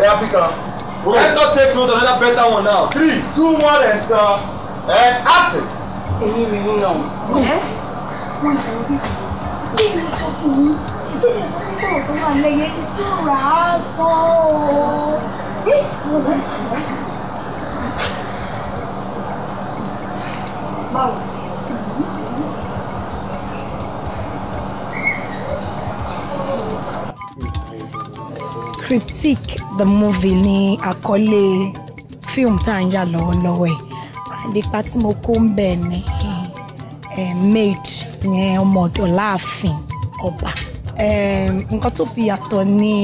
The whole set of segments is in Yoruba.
Hey, Africa. Wait. Let's not take note another better one now. Three, two, more, and and action. Èyí mi ń nà. Wọ́n yà wọ́n bí Jíjẹ́ sọ fún mi. Jíjẹ́ sọ fún tọ̀rọ̀ tó wà lẹ́yẹ tí ó rà á sọ ooo. Báwo? the movie ní àkọlé fíìmù tá à ń yà lọ́wọ́lọ́wọ́ ẹ̀ nípa tí mo kó ń bẹ̀ ní maid ìyẹn ọmọ ọ̀dọ̀ láàfin ọba nǹkan tó fi yàtọ̀ ní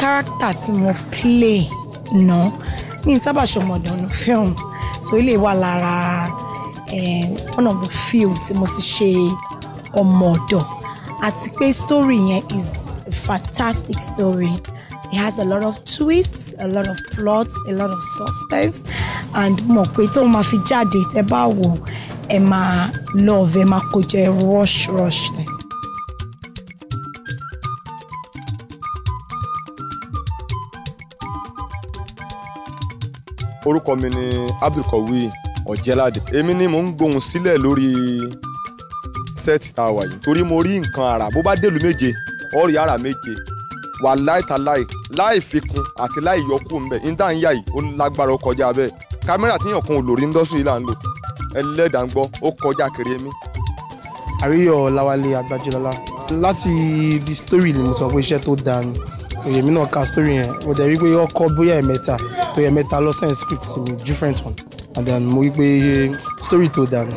kárátà tí mo play ná ní sábà ṣọmọdọ̀ ní fíìmù so ilé wà lára one of the few tí mo ti ṣe ọmọ ọ̀dọ̀ àti pé story yẹn is fantastic story. It has a lot of twists, a lot of plots, a lot of suspense, and mo pe tó máa fi jáde tẹ́ love ẹ máa rush rush ni. orúkọ mi ni Abdulkawi Ọ̀jẹ́ládé èmi ni mò ń gbohùn sílẹ̀ lórí sẹ́ẹ̀tì tá a wà yìí torí mo rí nǹkan àrà bó bá dèlú méje ọ̀rì ara méje wà láìtàláì láì fikun àti láì yọkù ńbẹ níta ń yà yìí ó lágbára ó kọjá bẹ́ẹ̀ kámẹ́rà tí yàn kan ò lórí ńdọ́sùn yìí là ń lò ẹlẹ́dàá ó kọjá kiri mi. àríyọ lawale agbájúlọlá láti ibi story ni mo sọ pé iṣẹ́ tó dáa ni èmi náà ka story yẹn mo dẹ̀ rí pé ọkọ bóyá ẹ̀mẹ́ta tó yẹ mẹ́ta lọ́sẹ̀ script sí mi different one and then mo rí pé story tó dáa ni.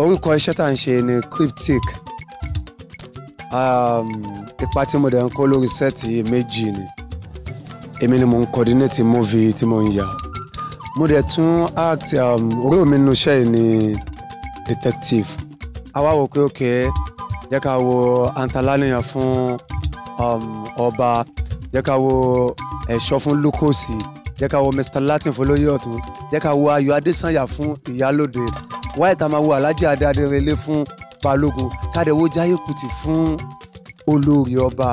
orúkọ iṣẹ́ tá à ń ṣe ni cryptic Um, ipa tí mo dẹ̀ ń kó lórí sẹ́ẹ̀tì méjì ni èmi ni mo ń coordinate movie tí mo ń yà mo dẹ̀ tún act orí um, mi nu iṣẹ́ yìí ni detective àwa wò pé òkè jẹ́ ká wo antalaniyan fún um, ọba jẹ́ ká wo ẹ̀ṣọ́ fún lukosi jẹ́ ká wo Mr Latin fún olóyè ọ̀tún jẹ́ ká wo ayọ̀ adésànyà fún ìyálòde wáyé tá a máa wo alhaji adé adérelé fún balógun kádẹ́wó jáyé kùtì fún olórí ọba.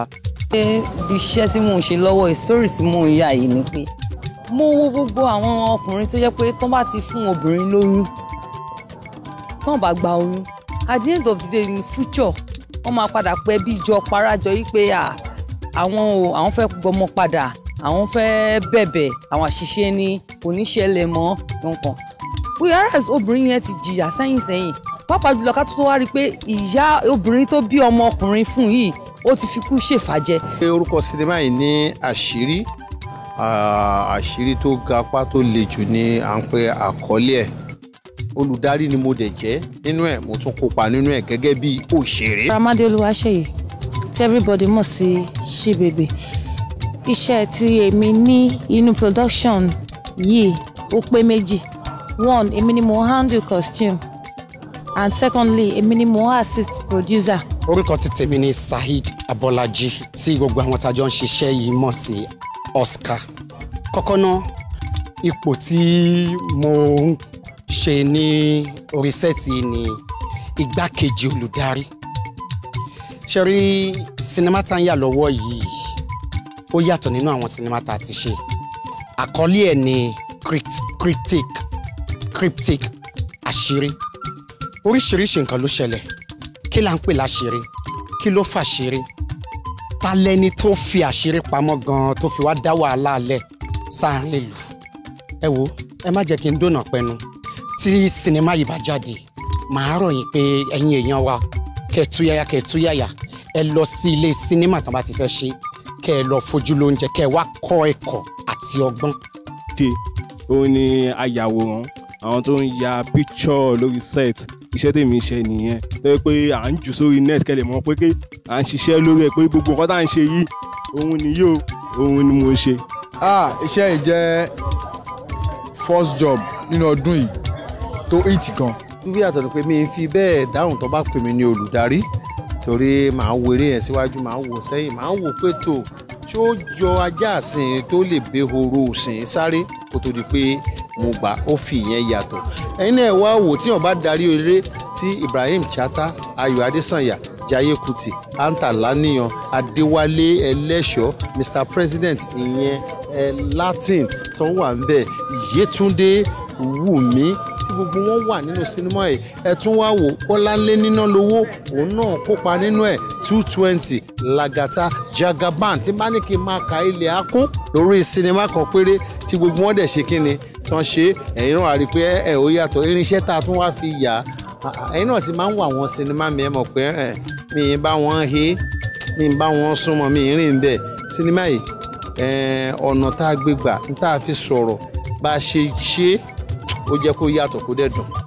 ṣé iṣẹ́ tí mò ń ṣe lọ́wọ́ ìsórì tí mò ń yà yìí ni pé mo wo gbogbo àwọn ọkùnrin tó jẹ́ pé tán bá ti fún obìnrin lóyún tán bá gba oyún at the end of the day in future wọ́n máa padà pẹ́ bí jọ parajọ yìí pé àwọn o àwọn fẹ́ gbọmọ padà àwọn fẹ́ bẹ̀bẹ̀ àwọn àṣìṣe ni kò ní ṣẹlẹ̀ mọ́ kankan wíwárà obìnrin yẹn ti jìyà sẹ́yìn sẹ́yìn pàápàá jùlọ ká tó wá rí i pé ìyá obìnrin tó bí ọmọ ọkùnrin fún yìí ó ti fi kú ṣèfàjẹ. orúkọ sinimá yìí ní àṣírí àṣírí tó ga apá tó le jù ni à ń pe àkọlé ẹ̀ olùdarí ni mo dẹ̀ jẹ́ nínú ẹ̀ mo tún kópa nínú ẹ̀ gẹ́gẹ́ bí òṣèré. Ramade Olúwaṣeyì tí everybody mọ̀ sí Ṣíbèbè iṣẹ́ tí èmi ní inú production yìí ó pé méjì one èmi ni mo handle costume and secondly a ni assist producer. orúkọ ti tèmi ni Saheed Abọ́lájí tí gbogbo àwọn tá ń ṣiṣẹ́ yìí mọ̀ sí Oscar kọ́kọ́ ná ipò tí mo ń ṣe ní orí sẹ́ẹ̀tì ni igbákejì olùdarí ṣe rí sinimá tá ń yà lọ́wọ́ yìí ó yàtọ̀ nínú àwọn sinimá tá a ti ṣe àkọlé ẹ̀ ni cryptic cryptic àṣírí oríṣiríṣi nǹkan ló ṣẹlẹ̀ kí la ń pè láṣìírí kí ló fàṣírí ta lẹni tó fi àṣírí pamọ́ gan-an tó fi wá dá wàhálà alẹ́ sáárín ìlú ẹ wo ẹ má jẹ́ kí n dónà pẹnu tí sinimá yìí bá jáde màá rọ̀ yín pé ẹ̀yin èèyàn wa kẹ̀túyàyà kẹ̀túyàyà ẹ lọ sí ilé sinimá tán bá ti fẹ́ ṣe kẹ́ ẹ lọ fojú lóúnjẹ kẹ́ ẹ wá kọ́ ẹ̀kọ́ àti ọgbọ́n. òun ni ayàwòrán àwọn tó ń ya píkṣọ lórí set iṣẹ́ tèmi ṣe nìyẹn tó yẹ pé à ń jù sórí net kẹlẹ̀ mọ́ pé pé à ń ṣiṣẹ́ lórí ẹ̀ pé gbogbo nǹkan tá à ń ṣe yìí òun ni yóò òun ni mo ṣe. ah iṣẹ́ yìí jẹ́ first job nínú ọdún yìí tó eat gan. wíwí àtọ̀dọ̀ pé mi ń fi bẹ́ẹ̀ dáhùn tó bá pè mí ní olùdarí torí màá wo eré yẹn síwájú màá wò sẹ́yìn màá wò pé tó tí ó jọ ajá àsìn tó lè bẹ́ horo òsìn sáré kó tó di pé mo gbà ó fi ìyẹn yàtọ̀ ẹ̀yin náà wá wò tí wọ́n bá darí eré tí Ibrahim Chata Ayọ̀ Adésànyà Jaiye Kuti Anta Laniyan Adéwálé Ẹlẹ́ṣọ́ Mr President ìyẹn ẹ Latin tó ń wà níbẹ̀ Yétúndé Wùmí tí gbogbo wọn wà nínú sinimá yìí ẹ tún wá wò Ọláńlé níná lówó òun náà kópa nínú ẹ̀ two twenty Lagata Jagaban tí bá ní kí n máa ka ilẹ̀ akún lórí sinimá kan péré tí gbogbo wọn dẹ̀ ṣe kí ni tán ṣe ẹ̀yin náà rí i pé ẹ̀ ó yàtọ̀ irinṣẹ́ tá a tún wá fi yà ẹ̀yin náà ti máa ń wà wọn sinimá mi ẹ̀ mọ̀ pé mi ì bá wọn he mi ì bá wọn súnmọ́ mi ì rìn bẹ́ẹ̀ sinimá yìí ọ̀nà tá a gbé gbà ń tá a fi sọ̀rọ̀ bá a ṣe ṣe ó jẹ́ kó yàtọ̀ kó dẹ̀ dùn.